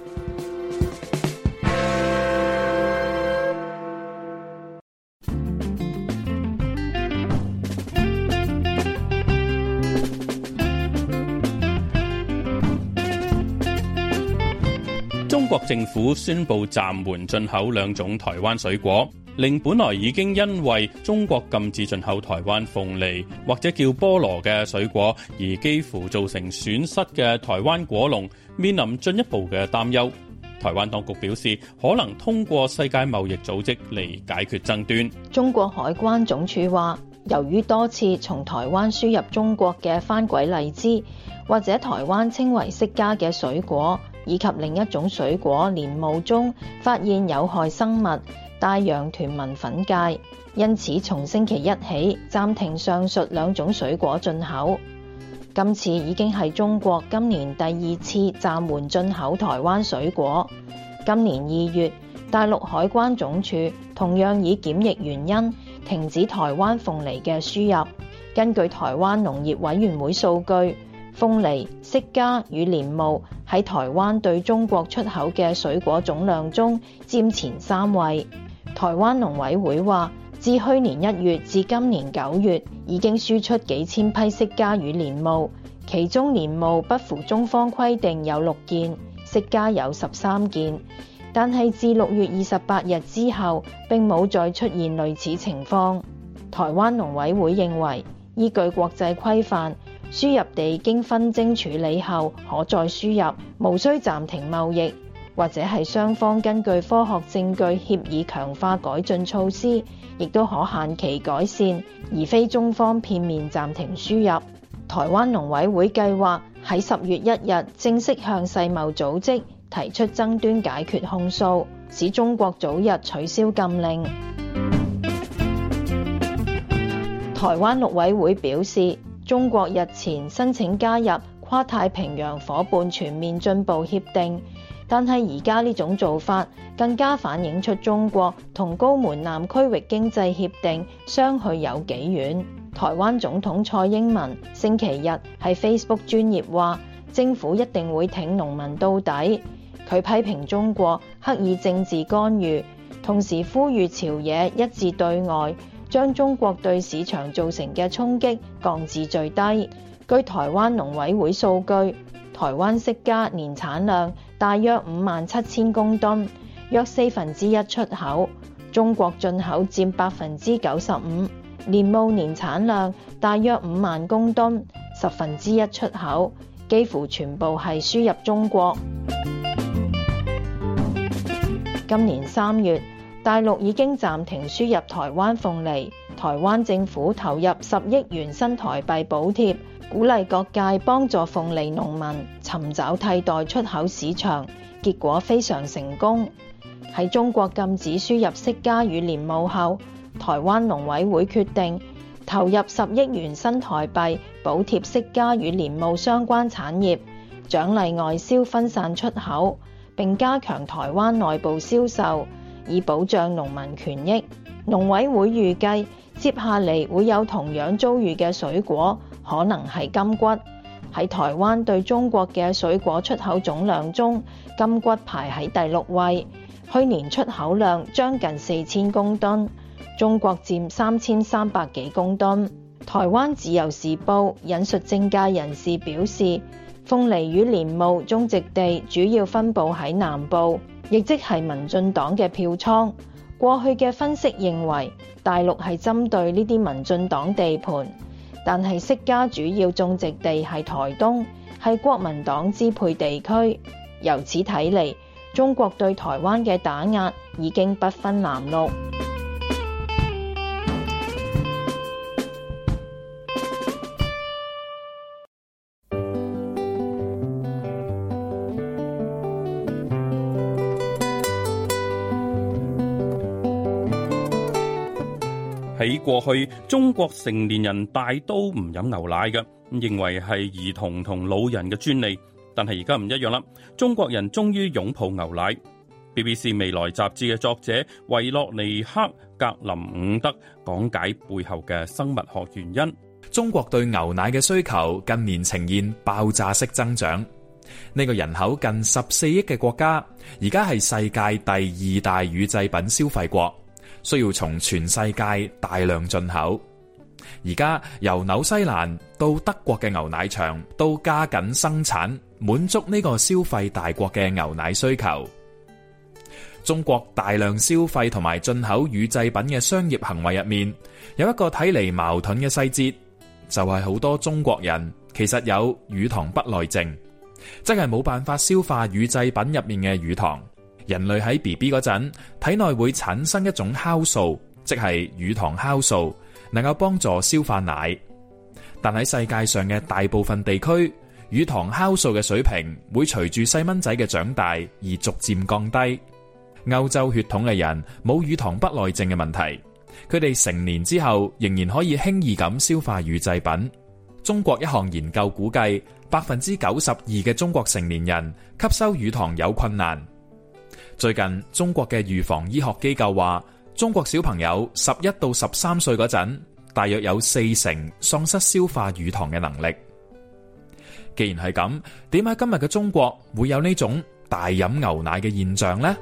中國政府宣布暫緩進口兩種台灣水果，令本來已經因為中國禁止進口台灣鳳梨或者叫菠蘿嘅水果，而幾乎造成損失嘅台灣果農面臨進一步嘅擔憂。台灣當局表示，可能通過世界貿易組織嚟解決爭端。中國海關總署話，由於多次從台灣輸入中國嘅番鬼荔枝，或者台灣稱為釋迦嘅水果。以及另一種水果蓮霧中發現有害生物大洋臀紋粉蚧，因此從星期一起暫停上述兩種水果進口。今次已經係中國今年第二次暫緩進口台灣水果。今年二月，大陸海關總署同樣以檢疫原因停止台灣鳳梨嘅輸入。根據台灣農業委員會數據。鳳梨、釋迦與蓮霧喺台灣對中國出口嘅水果總量中佔前三位。台灣農委會話，自去年一月至今年九月，已經輸出幾千批釋迦與蓮霧，其中蓮霧不符中方規定有六件，釋迦有十三件，但係自六月二十八日之後，並冇再出現類似情況。台灣農委會認為，依據國際規範。輸入地經分證處理後可再輸入，無需暫停貿易，或者係雙方根據科學證據協議強化改進措施，亦都可限期改善，而非中方片面暫停輸入。台灣農委會計劃喺十月一日正式向世貿組織提出爭端解決控訴，使中國早日取消禁令。台灣陸委會表示。中國日前申請加入跨太平洋夥伴全面進步協定，但係而家呢種做法更加反映出中國同高門南區域經濟協定相去有幾遠。台灣總統蔡英文星期日喺 Facebook 專頁話，政府一定會挺農民到底。佢批評中國刻意政治干預，同時呼籲朝野一致對外。將中國對市場造成嘅衝擊降至最低。據台灣農委會數據，台灣釋迦年產量大約五萬七千公噸，約四分之一出口，中國進口占百分之九十五。蓮霧年產量大約五萬公噸，十分之一出口，幾乎全部係輸入中國。今年三月。大陸已經暫停輸入台灣鳳梨，台灣政府投入十億元新台幣補貼，鼓勵各界幫助鳳梨農民尋找替代出口市場，結果非常成功。喺中國禁止輸入釋迦與蓮霧後，台灣農委會決定投入十億元新台幣補貼釋迦與蓮霧相關產業，獎勵外銷分散出口，並加強台灣內部銷售。以保障農民權益。農委會預計接下嚟會有同樣遭遇嘅水果，可能係金骨。喺台灣對中國嘅水果出口總量中，金骨排喺第六位，去年出口量將近四千公噸，中國佔三千三百幾公噸。台灣自由時報引述政界人士表示。鳳梨與蓮霧種植地主要分布喺南部，亦即係民進黨嘅票倉。過去嘅分析認為大陸係針對呢啲民進黨地盤，但係釋迦主要種植地係台東，係國民黨支配地區。由此睇嚟，中國對台灣嘅打壓已經不分藍綠。過去中國成年人大都唔飲牛奶嘅，認為係兒童同老人嘅專利。但係而家唔一樣啦，中國人終於擁抱牛奶。BBC 未來雜誌嘅作者維洛尼克·格林伍德講解背後嘅生物學原因。中國對牛奶嘅需求近年呈現爆炸式增長。呢個人口近十四億嘅國家，而家係世界第二大乳製品消費國。需要從全世界大量進口，而家由紐西蘭到德國嘅牛奶場都加緊生產，滿足呢個消費大國嘅牛奶需求。中國大量消費同埋進口乳製品嘅商業行為入面，有一個睇嚟矛盾嘅細節，就係好多中國人其實有乳糖不耐症，即係冇辦法消化乳製品入面嘅乳糖。人類喺 BB 嗰陣，體內會產生一種酵素，即係乳糖酵素，能夠幫助消化奶。但喺世界上嘅大部分地區，乳糖酵素嘅水平會隨住細蚊仔嘅長大而逐漸降低。歐洲血統嘅人冇乳糖不耐症嘅問題，佢哋成年之後仍然可以輕易咁消化乳製品。中國一項研究估計，百分之九十二嘅中國成年人吸收乳糖有困難。最近，中國嘅預防醫學機構話，中國小朋友十一到十三歲嗰陣，大約有四成喪失消化乳糖嘅能力。既然係咁，點解今日嘅中國會有呢種大飲牛奶嘅現象呢？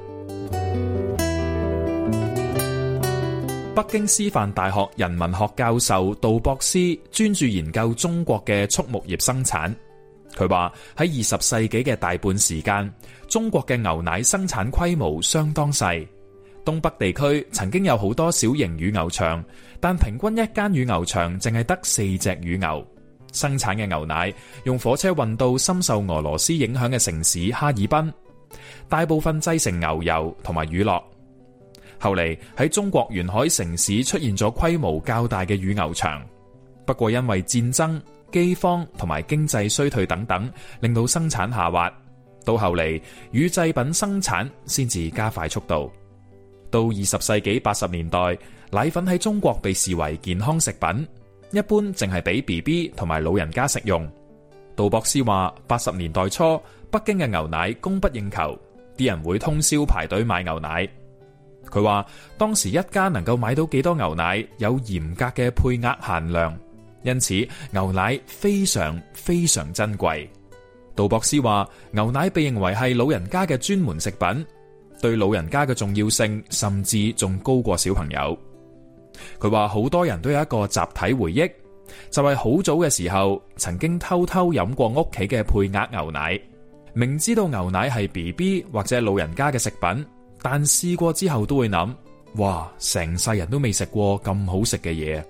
北京師範大學人文學教授杜博斯專注研究中國嘅畜牧業生產，佢話喺二十世紀嘅大半時間，中國嘅牛奶生產規模相當細，東北地區曾經有好多小型乳牛場，但平均一間乳牛場淨係得四隻乳牛。生產嘅牛奶用火車運到深受俄羅斯影響嘅城市哈爾濱，大部分製成牛油同埋乳酪。後嚟喺中國沿海城市出現咗規模較大嘅乳牛場，不過因為戰爭、饑荒同埋經濟衰退等等，令到生產下滑。到後嚟，乳製品生產先至加快速度。到二十世紀八十年代，奶粉喺中國被視為健康食品，一般淨係俾 BB 同埋老人家食用。杜博士話，八十年代初，北京嘅牛奶供不應求，啲人會通宵排隊買牛奶。佢話當時一家能夠買到幾多牛奶，有嚴格嘅配額限量，因此牛奶非常非常珍貴。杜博士話：牛奶被認為係老人家嘅專門食品，對老人家嘅重要性甚至仲高過小朋友。佢話好多人都有一個集體回憶，就係、是、好早嘅時候曾經偷偷飲過屋企嘅配額牛奶，明知道牛奶係 B B 或者老人家嘅食品，但試過之後都會諗：哇，成世人都未食過咁好食嘅嘢。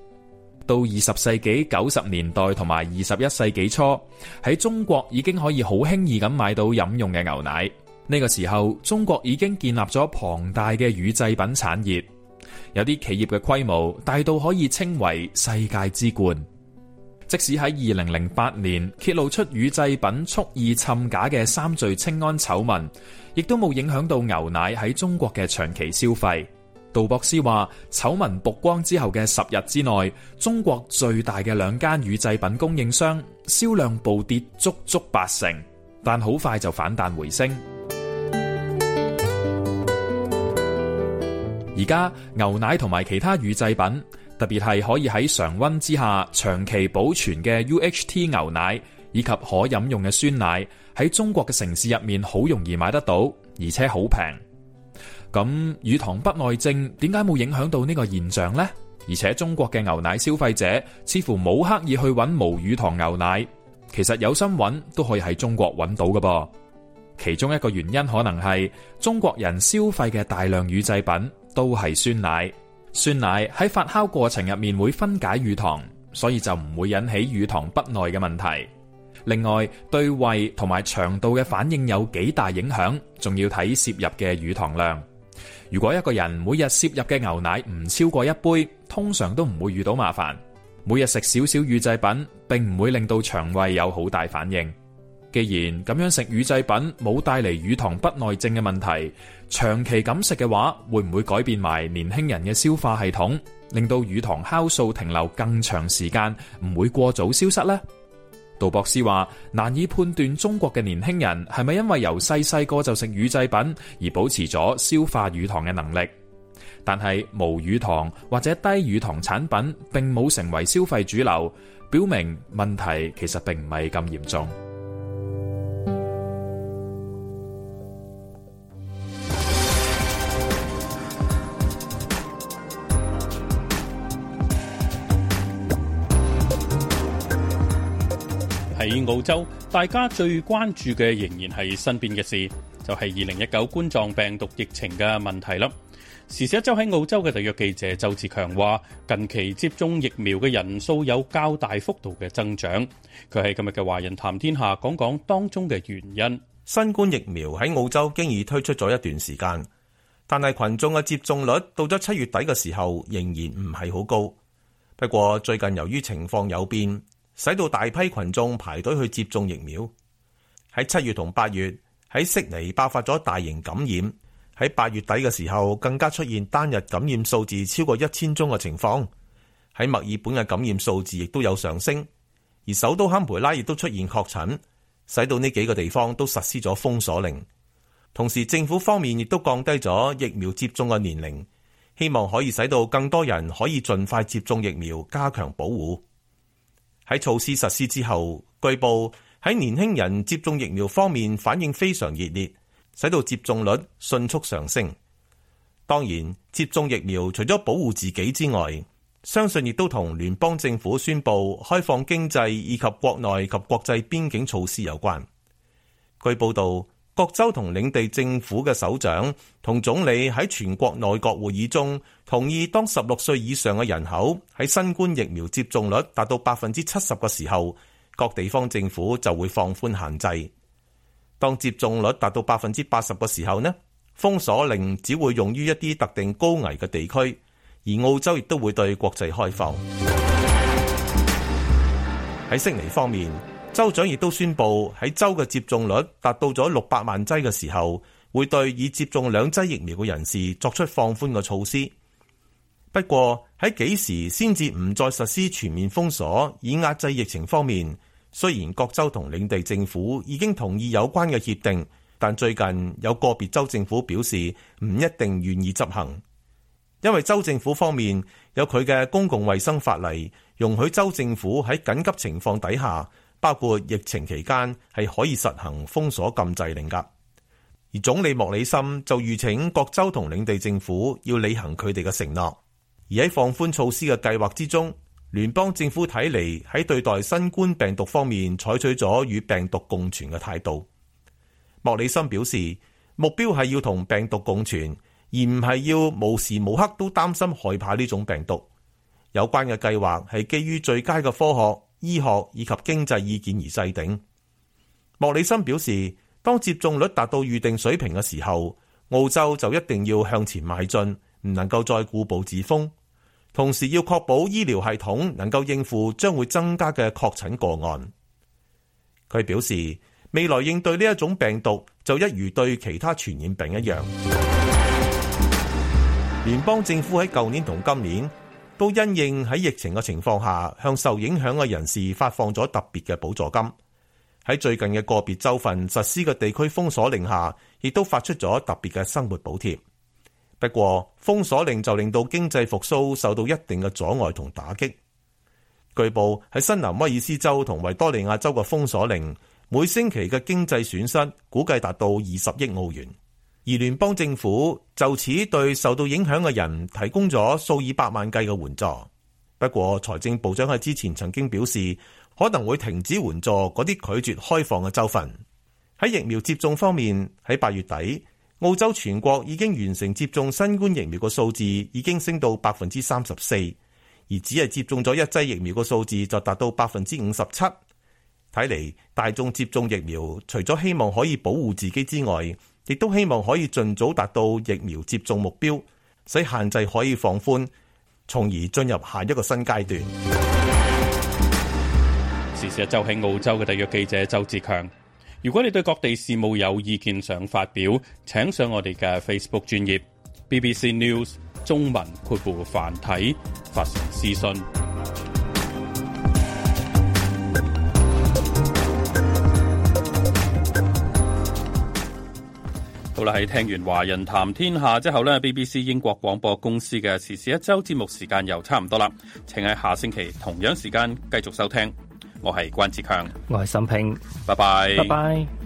到二十世紀九十年代同埋二十一世紀初，喺中國已經可以好輕易咁買到飲用嘅牛奶。呢個時候，中國已經建立咗龐大嘅乳製品產業，有啲企業嘅規模大到可以稱為世界之冠。即使喺二零零八年揭露出乳製品蓄意摻假嘅三聚氰胺醜聞，亦都冇影響到牛奶喺中國嘅長期消費。杜博士話：醜聞曝光之後嘅十日之內，中國最大嘅兩間乳製品供應商銷量暴跌足足八成，但好快就反彈回升。而家 牛奶同埋其他乳製品，特別係可以喺常溫之下長期保存嘅 UHT 牛奶以及可飲用嘅酸奶，喺中國嘅城市入面好容易買得到，而且好平。咁乳糖不耐症點解冇影響到呢個現象呢？而且中國嘅牛奶消費者似乎冇刻意去揾無乳糖牛奶，其實有心揾都可以喺中國揾到㗎噃。其中一個原因可能係中國人消費嘅大量乳製品都係酸奶，酸奶喺發酵過程入面會分解乳糖，所以就唔會引起乳糖不耐嘅問題。另外，對胃同埋腸道嘅反應有幾大影響，仲要睇攝入嘅乳糖量。如果一個人每日攝入嘅牛奶唔超過一杯，通常都唔會遇到麻煩。每日食少少乳製品並唔會令到腸胃有好大反應。既然咁樣食乳製品冇帶嚟乳糖不耐症嘅問題，長期咁食嘅話，會唔會改變埋年輕人嘅消化系統，令到乳糖酵素停留更長時間，唔會過早消失呢？杜博士話：難以判斷中國嘅年輕人係咪因為由細細個就食乳製品而保持咗消化乳糖嘅能力，但係無乳糖或者低乳糖產品並冇成為消費主流，表明問題其實並唔係咁嚴重。澳洲大家最關注嘅仍然係身邊嘅事，就係二零一九冠狀病毒疫情嘅問題啦。時事一周喺澳洲嘅特約記者周志強話，近期接種疫苗嘅人數有較大幅度嘅增長。佢喺今日嘅華人談天下講講當中嘅原因。新冠疫苗喺澳洲經已推出咗一段時間，但係群眾嘅接種率到咗七月底嘅時候仍然唔係好高。不過最近由於情況有變。使到大批群眾排隊去接種疫苗。喺七月同八月，喺悉尼爆發咗大型感染。喺八月底嘅時候，更加出現單日感染數字超過一千宗嘅情況。喺墨爾本嘅感染數字亦都有上升，而首都堪培拉亦都出現確診，使到呢幾個地方都實施咗封鎖令。同時，政府方面亦都降低咗疫苗接種嘅年齡，希望可以使到更多人可以盡快接種疫苗，加強保護。喺措施實施之後，據報喺年輕人接種疫苗方面反應非常熱烈，使到接種率迅速上升。當然，接種疫苗除咗保護自己之外，相信亦都同聯邦政府宣布開放經濟以及國內及國際邊境措施有關。據報道，各州同領地政府嘅首長同總理喺全國內閣會議中同意，當十六歲以上嘅人口喺新冠疫苗接種率達到百分之七十嘅時候，各地方政府就會放寬限制；當接種率達到百分之八十嘅時候呢，封鎖令只會用於一啲特定高危嘅地區，而澳洲亦都會對國際開放。喺悉尼方面。州長亦都宣佈喺州嘅接種率達到咗六百萬劑嘅時候，會對已接種兩劑疫苗嘅人士作出放寬嘅措施。不過喺幾時先至唔再實施全面封鎖以壓制疫情方面，雖然各州同領地政府已經同意有關嘅協定，但最近有個別州政府表示唔一定願意執行，因為州政府方面有佢嘅公共衛生法例，容許州政府喺緊急情況底下。包括疫情期間係可以實行封鎖禁制令噶，而總理莫里森就預請各州同領地政府要履行佢哋嘅承諾，而喺放寬措施嘅計劃之中，聯邦政府睇嚟喺對待新冠病毒方面採取咗與病毒共存嘅態度。莫里森表示，目標係要同病毒共存，而唔係要無時無刻都擔心害怕呢種病毒。有關嘅計劃係基於最佳嘅科學。醫學以及經濟意見而制定。莫里森表示，當接種率達到預定水平嘅時候，澳洲就一定要向前邁進，唔能夠再固步自封。同時要確保醫療系統能夠應付將會增加嘅確診個案。佢表示，未來應對呢一種病毒就一如對其他傳染病一樣。聯 邦政府喺舊年同今年。都因應喺疫情嘅情況下，向受影響嘅人士發放咗特別嘅補助金；喺最近嘅個別州份實施嘅地區封鎖令下，亦都發出咗特別嘅生活補貼。不過，封鎖令就令到經濟復甦受到一定嘅阻礙同打擊。據報，喺新南威爾斯州同維多利亞州嘅封鎖令，每星期嘅經濟損失估計達到二十億澳元。而聯邦政府就此對受到影響嘅人提供咗數以百萬計嘅援助。不過，財政部長喺之前曾經表示，可能會停止援助嗰啲拒絕開放嘅州份。喺疫苗接種方面，喺八月底，澳洲全國已經完成接種新冠疫苗嘅數字已經升到百分之三十四，而只係接種咗一劑疫苗嘅數字就達到百分之五十七。睇嚟，大眾接種疫苗，除咗希望可以保護自己之外，亦都希望可以盡早達到疫苗接種目標，使限制可以放寬，從而進入下一個新階段。 時事一周喺澳洲嘅特約記者周志強。如果你對各地事務有意見想發表，請上我哋嘅 Facebook 專頁 BBC News 中文括弧繁體發送私信。好啦，喺聽完華人談天下之後呢 BBC 英國廣播公司嘅時事一周節目時間又差唔多啦，請喺下星期同樣時間繼續收聽。我係關智強，我係沈平，拜拜 bye，拜拜。